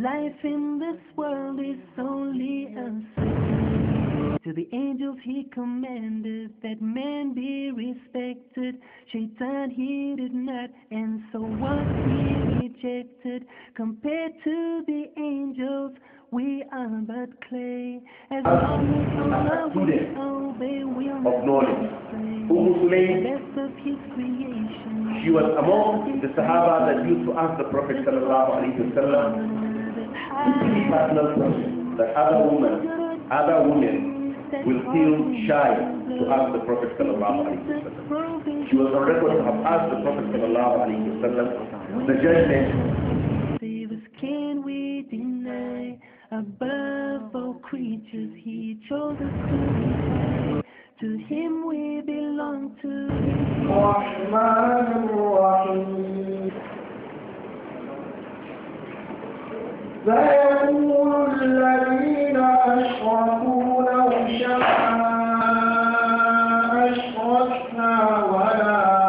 Life in this world is only a To the angels he commanded that man be respected. Shaitan he did not, and so was he rejected. Compared to the angels, we are but clay. As long as we obey, we'll not She was among the Sahaba that used to ask the Prophet sallallahu alaihi wasallam partner person, that other women, other women will feel shy to ask the Prophet She was on record to have asked the Prophet the judgment. can we deny above all creatures he chose us to be? to him we belong to. سيقول الذين أشركوا لو شاء أشركنا ولا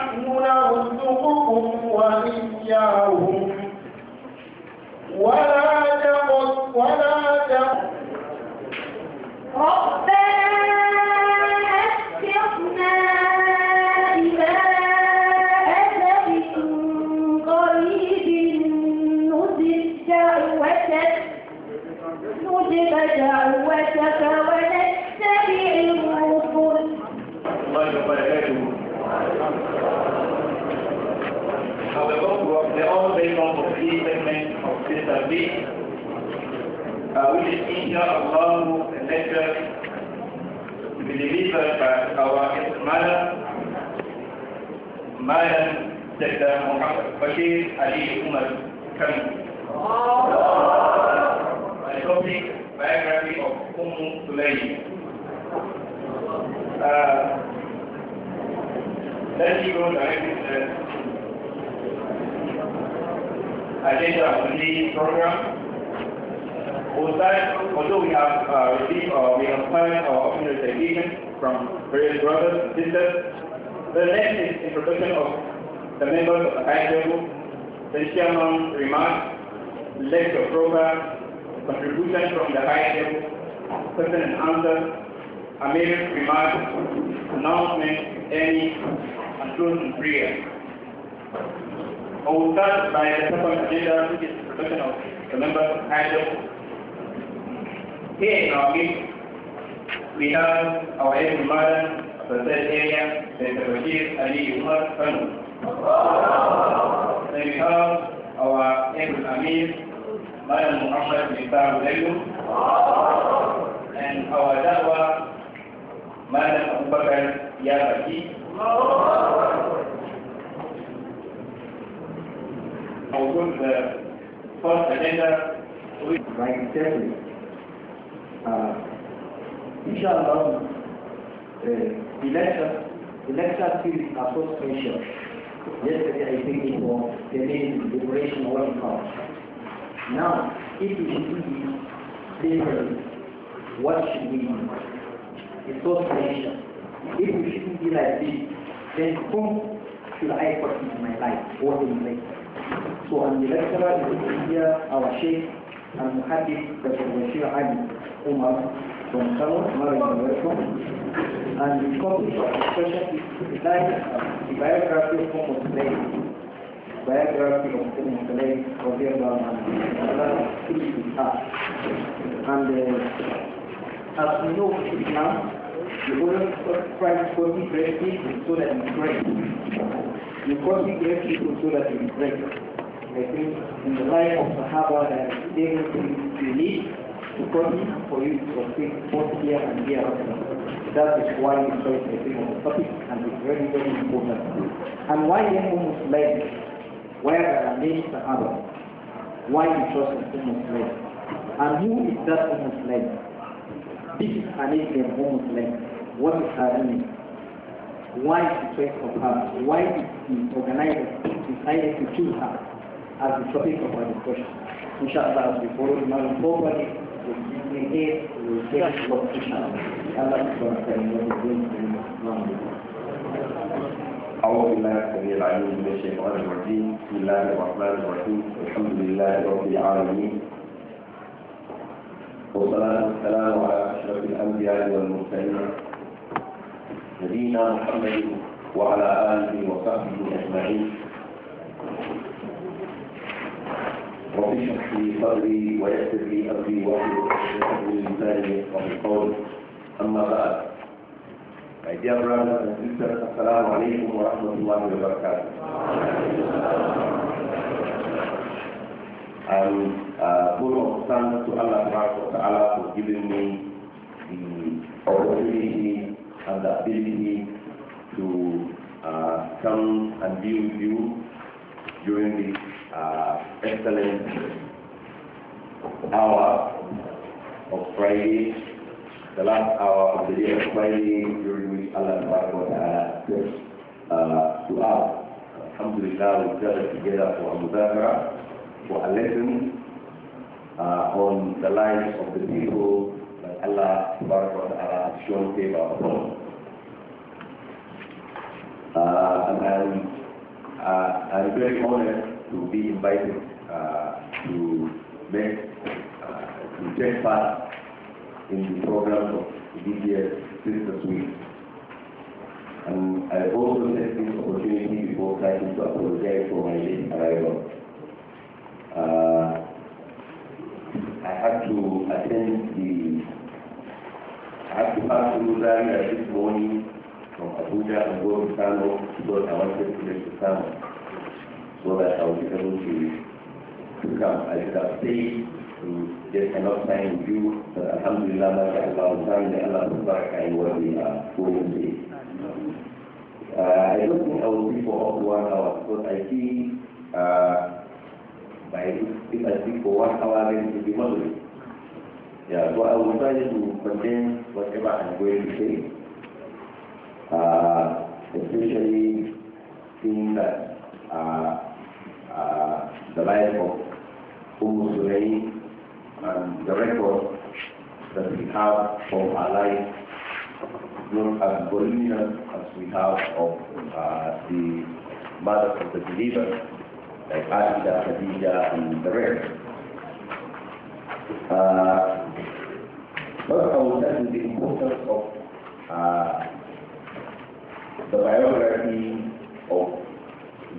نحن نرزقكم وإياهم ولا تقص ولا تقص ليه أقول إن شاء الله نجد بدليفة أو إكمال ما لم تجد محمد بشير علي عمر كم The topic biography of Umm Sulaim. Uh, then he wrote a agenda of today's program. Although we have uh, received or uh, we have planned our optional dedication from various brothers and sisters, the next is introduction of the members of the high level, the chairman's remarks, lecture program, contribution from the high level, question and answer, amendment remarks, announcement, any, and closing prayer. I will start by the second agenda, which is the protection of the members of IDOC. Here in our meeting, we have our head mother of the third area, Ali Umar Kanu. Then we have our head Amir, Madam Muhammad Nisar Lelu, and our Dawa, Madam Abubakar Yabaki. موجود فرص لنا ان شاء الله the lecture the lecture series are so special yesterday I think it was the main liberation world cup now if we should be slavery what should we do it's so special if we shouldn't be like this then whom should I put in my life what in life so i lecturer is here, our sheikh, and Muhaddith Dr. Bashir Ali Umar from Salon, Maryland, welcome. And the topic of discussion is designed the biography of Muhammad Saleh, biography of Muhammad for the Allah, and And uh, as we know, Islam, the Oral Prize for Liberty is so that we because he gave people so that they break. I think in the life of Sahaba that everything you need to copy for you to succeed both here and here. That is why we chose the thing of the topic and it's very, very important. And why then almost like where there are many Sahaba? Why we chose the thing of like? And who is that almost like? This is an almost like. What is happening? why the choice of her, why the organizers decided to choose her as the topic of our discussion. Inshallah, as we follow the model we will take a inshallah. to tell you what أعوذ بالله السميع العليم من الشيطان الرجيم بسم الله الرحمن الرحيم الحمد لله رب العالمين والصلاة والسلام على أشرف الأنبياء والمرسلين نبينا محمد وعلى آله وصحبه أجمعين رب اشرح لي صدري ويسر لي أمري واحلل عقدة من لساني يفقهوا قولي أما بعد My dear brothers and sisters, Assalamu alaikum wa rahmatullahi wa barakatuh. I'm uh, full of thanks to Allah wa ta'ala for giving me the opportunity and the ability to uh, come and be with you during this uh, excellent hour of Friday, the last hour of the day of Friday, during which Allah wa ta'ala says uh, to us, Alhamdulillah, we gather together for a mudahara, for a lesson uh, on the lives of the people Allah subhanahu wa ta'ala shown uh, and uh, I'm, very honored to be invited uh, to make, uh, to take part in the program of this year's Sisters Week. And I also take this opportunity before starting to apologize for my late arrival. Uh, I had to attend the have to pass through Zaria this morning from Abuja and go to Kano because I wanted to get to Kano so that I will be able to, to come. I should have stayed to get enough time with you. But Alhamdulillah, MashaAllah, Zaria, Allah Mubarak, and what we are going to be. Uh, I don't think I will be for up to one hour because I see uh, by if I speak for one hour, then it will be moderate. Yeah, so I will try to contain whatever I'm going to say, uh, especially seeing that uh, uh, the life of Umm Sulaim and um, the record that we have from our life not as voluminous as we have of ah, the mother of the believers, like Aisha, Khadija, and the rest. Not outlining the importance of uh, the biography of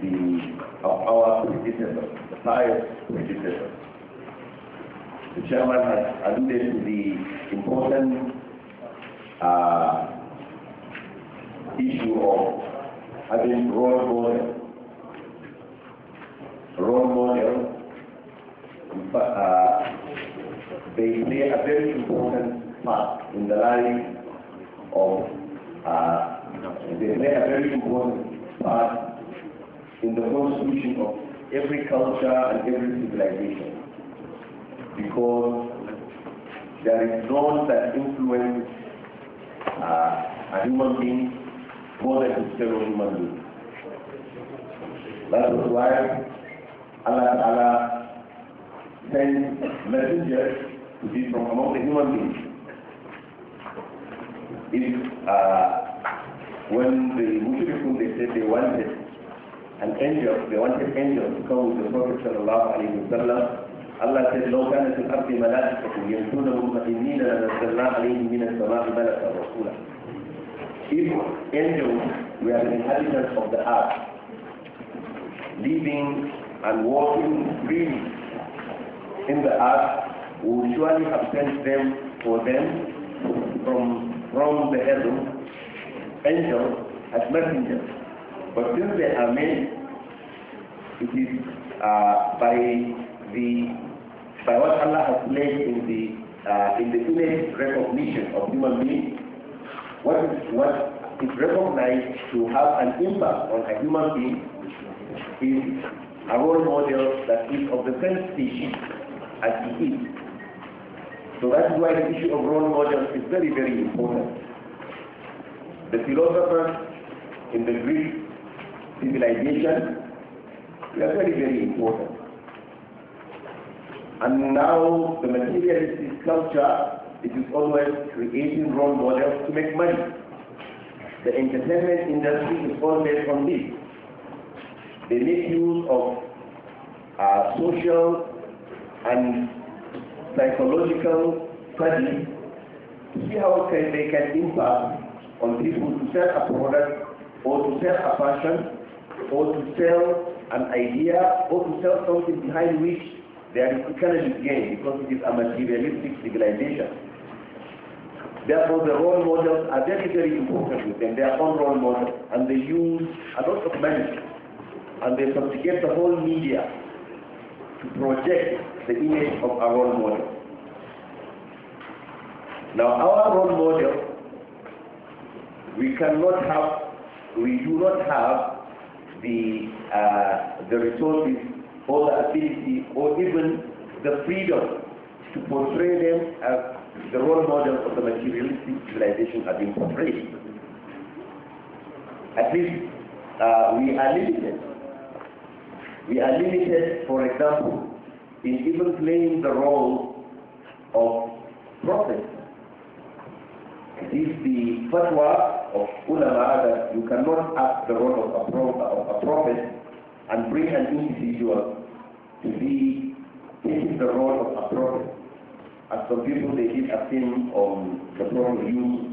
the of our predecessor, the pious predecessor. The chairman has alluded to the important uh, issue of having role models they play a very important part in the life of, uh, they play a very important part in the constitution of every culture and every civilization. Because there is none that influence uh, a human being more than his fellow human being. That is why Allah, Allah sends messengers to be from among the human beings. If uh, when the Mushrikun they said they wanted an angel, they wanted angel to come with the Prophet sallallahu alaihi wasallam, Allah said, لو كان في الأرض ملائكة يمشون مطمئنين لنزلنا عليهم من السماء ملكا رسولا. If angels were the inhabitants of the earth, living and walking freely in the earth, we surely have sent them for them from, from the heaven, angels as messengers. But since they are made, it is uh, by the by what Allah has placed in the uh, in the innate recognition of human beings, what is what is recognized to have an impact on a human being is a role model that is of the same species as he is. So that is why the issue of role models is very, very important. The philosophers in the Greek civilization were very, very important. And now the materialistic culture it is always creating role models to make money. The entertainment industry is all based on this. They make use of uh, social and psychological study to see how can make an impact on people to sell a product or to sell a passion or to sell an idea or to sell something behind which there is economic gain because it is a materialistic civilization. Therefore, the role models are very, very important with them. They are on role models and they use a lot of money and they subjugate the whole media to project the image of our role model. Now, our role model, we cannot have, we do not have the, uh, the resources or the ability or even the freedom to portray them as the role model of the materialistic civilization are being portrayed. At least uh, we are limited we are limited, for example, in even playing the role of prophet. It is the fatwa of ulama that you cannot act the role of a, prophet, of a prophet and bring an individual to be taking the role of a prophet. As some people they did a film on the prophet Yusuf,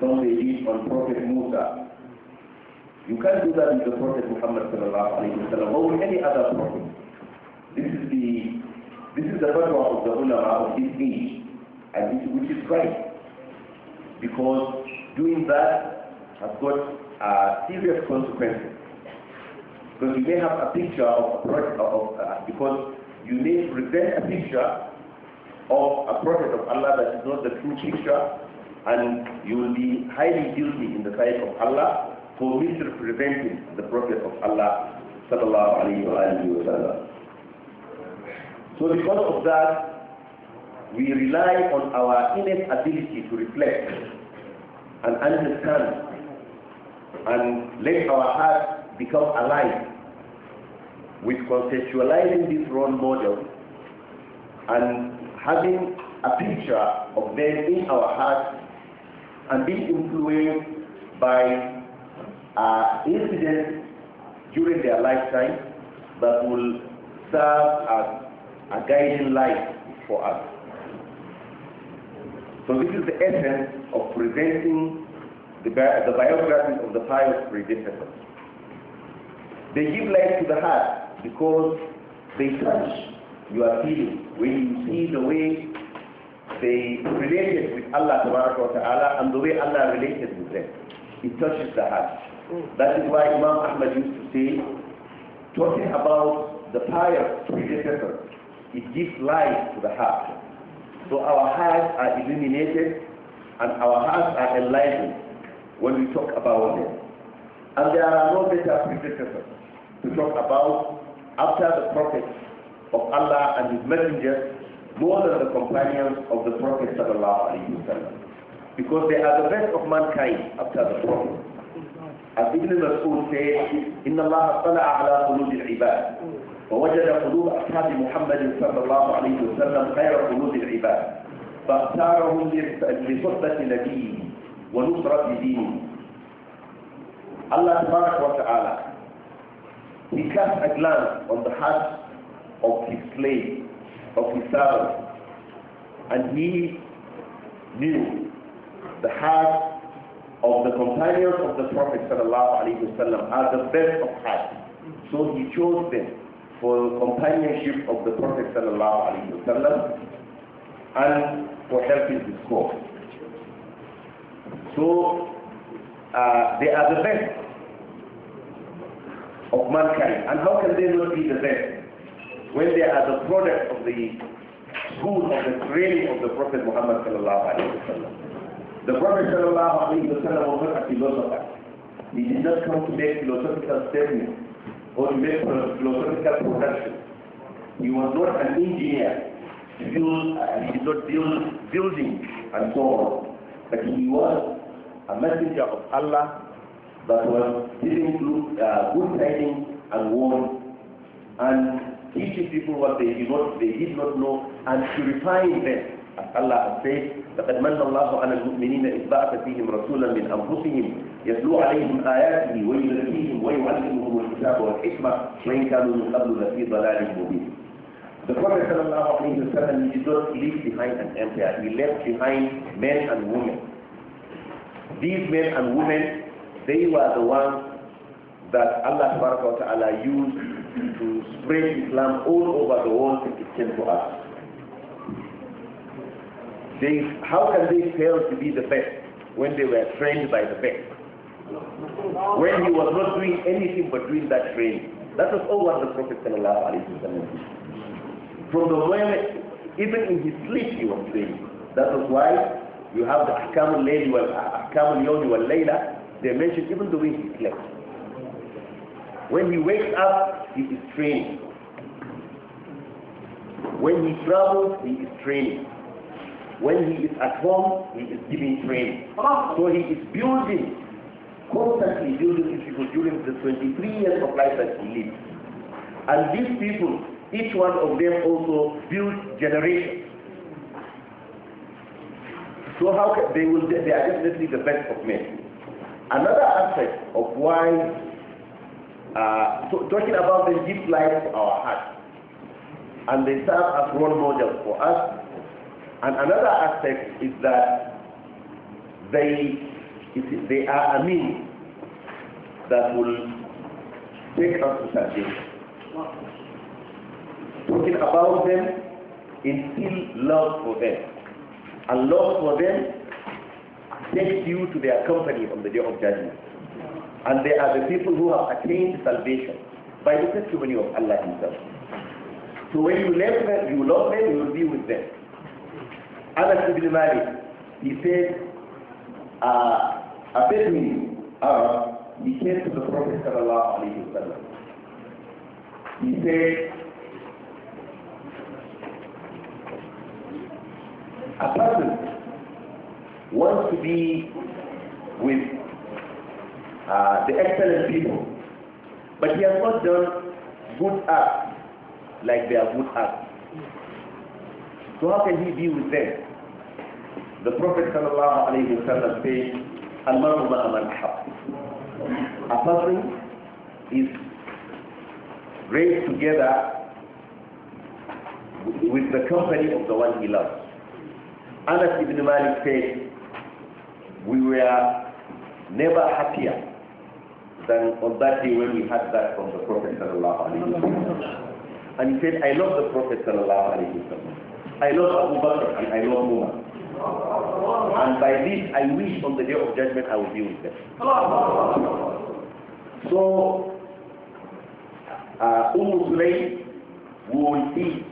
some they did on prophet Musa, you can't do that with the Prophet Muhammad sallallahu alayhi wa sallam or with any other Prophet. This is the this is the fatwa of the ulama of this age, and this, which is right, because doing that has got uh, serious consequences. Because you may have a picture of a prophet, of, uh, because you may present a picture of a prophet of Allah that is not the true picture, and you will be highly guilty in the sight of Allah for misrepresenting the Prophet of Allah sallallahu alayhi wa sallam. So because of that, we rely on our innate ability to reflect and understand and let our heart become alive with conceptualizing this role model and having a picture of them in our hearts and being influenced by are uh, incidents during their lifetime that will serve as a guiding light for us. So this is the essence of presenting the, bi the biographies of the pious predecessors. They give light to the heart because they touch your feelings when you see the way they related with Allah Ta'ala and the way Allah related with them. It touches the heart. That is why Imam Ahmad used to say, talking about the pious predecessor, it gives life to the heart. So our hearts are illuminated and our hearts are enlightened when we talk about them. And there are no better predecessors to talk about after the prophets of Allah and His messengers more than the companions of the Prophet because they are the best of mankind after the Prophet. عبد بن مسعود سيد إن الله اطلع على قلوب العباد ووجد قلوب أصحاب محمد صلى الله عليه وسلم خير قلوب العباد فاختارهم لصحبة نبيه ونصرة دينه Allah وتعالى He cast a glance on the heart of his slave, of his servant, and he knew the heart of the companions of the Prophet وسلم, are the best of hearts. So he chose them for the companionship of the Prophet وسلم, and for helping his cause. So uh, they are the best of mankind. And how can they not be the best when they are the product of the school of the training of the Prophet Muhammad sallallahu alaihi wasallam? The Prophet sallallahu was not a philosopher. He did not come to make philosophical statements or to make philosophical production. He was not an engineer. Uh, he, did not build buildings and so on. But he was a messenger of Allah that was giving good, uh, good tidings and warning and teaching people what they did not, they did not know and purifying them الله لقد من الله على المؤمنين إذ بعث فيهم رسولا من أنفسهم يتلو عليهم آياته ويزكيهم ويعلمهم الكتاب والحكمة وإن كانوا من قبل لفي ضلال مبين The Prophet sallallahu alayhi wa sallam did not leave behind an empire. He left behind men and women. These men and women, they were the ones that Allah ta'ala used to spread Islam all over the world to extend to us. They, how can they fail to be the best when they were trained by the best? When he was not doing anything but doing that training. That was all what the Prophet did. From the moment, even in his sleep he was training. That was why you have the Ahkam al-Layli wal Ahkam al Layla. They mentioned even the way he slept. When he wakes up, he is training. When he travels, he is training. When he is at home, he is giving training. So he is building, constantly building these people during the 23 years of life that he lived. And these people, each one of them also built generations. So how can, they will they are definitely the best of men. Another aspect of why uh, so talking about the gift life to our heart, and they serve as role models for us and another aspect is that they, they are a means that will take us to salvation. Talking about them instill love for them. And love for them takes you to their company on the day of judgment. And they are the people who have attained salvation by the testimony of Allah Himself. So when you love them, you love them, you will be with them. Anas ibn Malik, he said, uh, a Bedouin Arab, uh, he came to the Prophet sallallahu alayhi wa sallam. He said, a person wants to be with uh, the excellent people, but he has not done good acts like they their good acts. So how can he be with them? The Prophet sallallahu alayhi wa sallam says, Al-Mar'u ma'aman A person is raised together with the company of the one he loves. Anas ibn Malik said, we were never happier than on that day when we had that from the Prophet sallallahu alayhi wa sallam. And he said, I love the Prophet sallallahu alayhi wa sallam. I love Abu Bakr and I love Umar. And by this, I wish on the day of judgment I will be with them. So, uh, Umm Sulaim, will see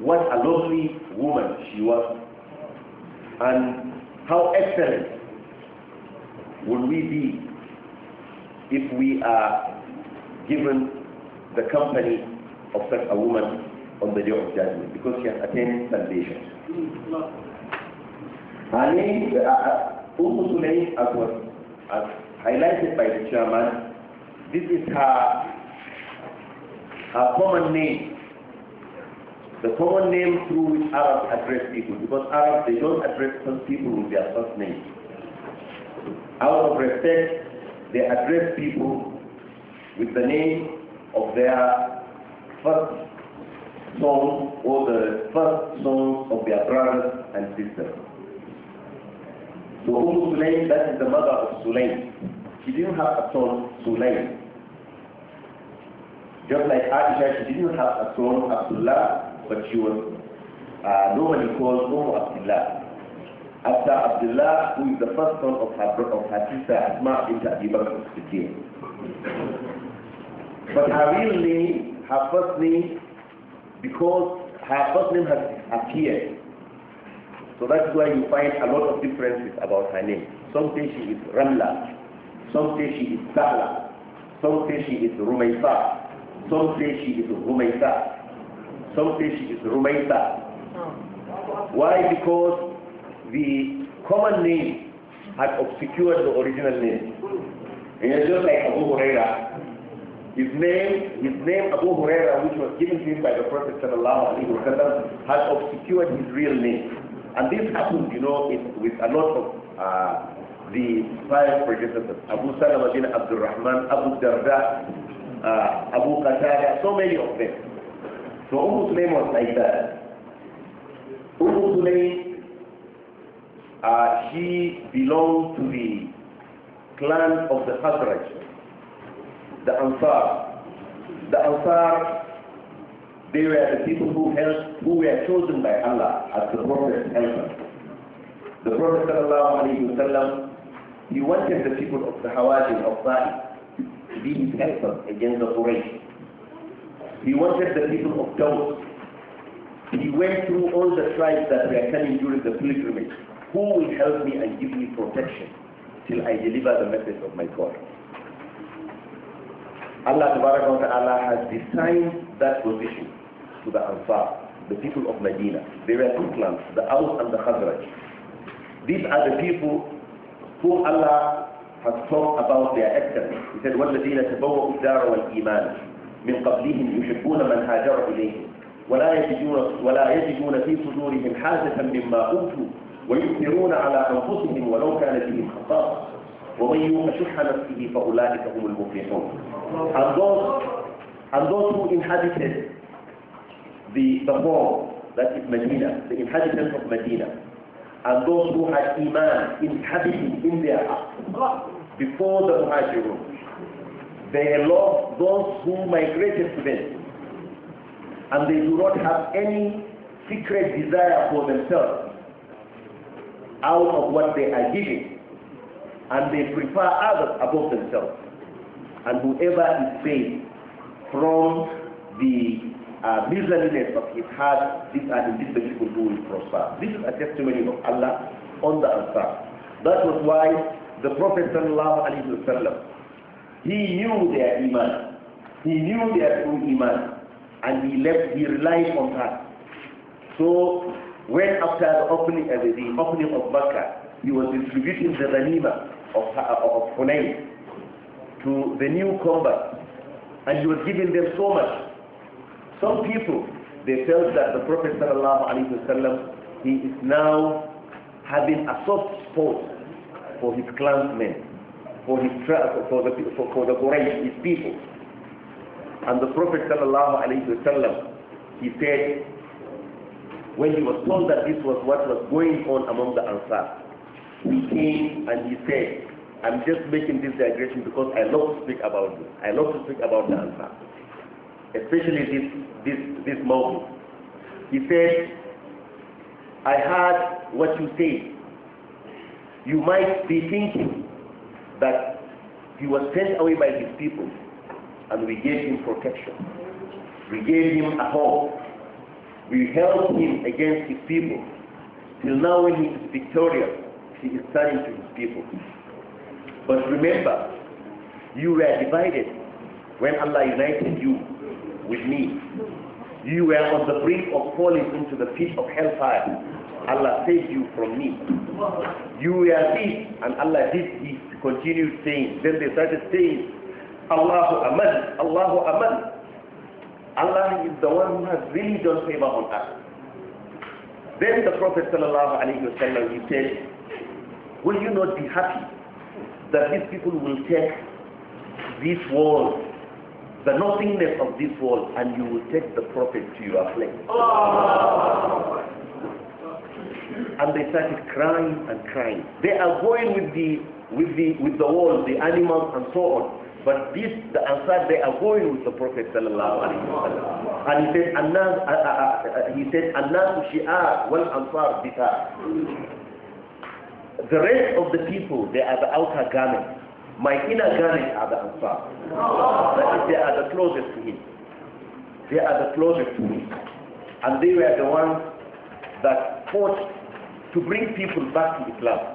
what a lovely woman she was and how excellent would we be if we are given the company of such a woman on the day of judgment because she has attained salvation. Hmm. Her name, uh, Umm as was as highlighted by the chairman, this is her, her common name. The common name through which Arabs address people because Arabs, they don't address some people with their first name. Out of respect, they address people with the name of their first song or the first song of their brothers and sisters. So Umm Sulaim, that is the mother of Sulaim. She didn't have a son, Sulaim. Just like Aisha, she didn't have a son, Abdullah, but she was uh, normally called Umm Abdullah. After Abdullah, who is the first son of her, of her sister, Asma bint Abi Bakr But her real name, her first name because her first name has appeared. So that's why you find a lot of differences about her name. Some say she is Ramla, some say she is Sahla, some say she is Rumaisa, some say she is Rumaisa, some say she is Rumaisa. Oh. Why? Because the common name had obscured the original name. And it's just like Abu Huraira, his name, his name Abu Huraira, which was given to him by the Prophet sallallahu alaihi wasallam, had obscured his real name. And this happened, you know, with a lot of uh, the five predecessors, Abu Salama bin Abdul Rahman, Abu Darda, uh, Abu Qatada, so many of them. So Umm Sulaim was like that. Umm Sulaim, uh, she belonged to the clan of the Khazraj, the Ansar. The Ansar, they were the people who, helped, who were chosen by Allah as the Prophet's helper. The Prophet وسلم, he wanted the people of the Hawazin of Sa'id to be his helper against the Quraysh. He wanted the people of Daud. He went through all the tribes that were coming during the pilgrimage. Who will help me and give me protection till I deliver the message of my God? Allah wa ta'ala has designed that position to the Ansar, the people of Medina. They were two clans, the Aus and the Khazraj. These are the people whom Allah has talked about their excellence. He said, وَالَّذِينَ تَبَوَّأُوا الدَّارَ وَالْإِيمَانَ مِنْ قَبْلِهِمْ يُحِبُّونَ مَنْ هَاجَرَ إِلَيْهِمْ ولا يجدون, ولا يجدون في صدورهم حاجة مما أوتوا ويؤثرون على أنفسهم ولو كان بهم خطأ ومن يوق شح نفسه فأولئك هم المفلحون and those and those who inhabited the the wall that is Medina the inhabitants of Medina and those who had iman inhabiting in their heart before the Muhajirun they love those who migrated to them and they do not have any secret desire for themselves out of what they are giving and they prefer others above themselves. And whoever is saved from the uh, miserliness of his heart, these are the people who will prosper. This is a testimony of Allah on the Ansar. That was why the Prophet wasallam, he knew their iman. He knew their true iman. And he left, he relied on that. So when after the opening, uh, the opening of Makkah, he was distributing the ghanima of, uh, of Hunayn to the newcomers and he was giving them so much. Some people, they felt that the Prophet ﷺ, he is now having a soft spot for his clansmen, for his for the for, for the Quraysh, his people. And the Prophet ﷺ, he said, when he was told that this was what was going on among the Ansar, he came and he said, I'm just making this digression because I love to speak about this. I love to speak about the answer, especially this, this, this moment. He said, I heard what you said. You might be thinking that he was sent away by his people and we gave him protection. We gave him a hope. We held him against his people. Till now when he is victorious, he is turning to his people. But remember, you were divided when Allah united you with me. You were on the brink of falling into the pit of hellfire. Allah saved you from me. You were this, and Allah did this. Continued saying. Then they started saying, Allahu Aman, Allahu Aman. Allah is the one who has really done favor on us. Then the Prophet sallallahu alayhi wa he said, Will you not be happy that these people will take this world, the nothingness of this world, and you will take the prophet to your place? Oh. And they started crying and crying. They are going with the with the with the world, the animals and so on. But this, the they are going with the Prophet sallallahu alaihi wasallam, and he said, "Anas," uh, uh, uh, he said, "Anas shi'ar wal Ansar the rest of the people, they are the outer garment. My inner garment are the Ansar. That is, they are the closest to him. They are the closest to me, And they were the ones that fought to bring people back to Islam.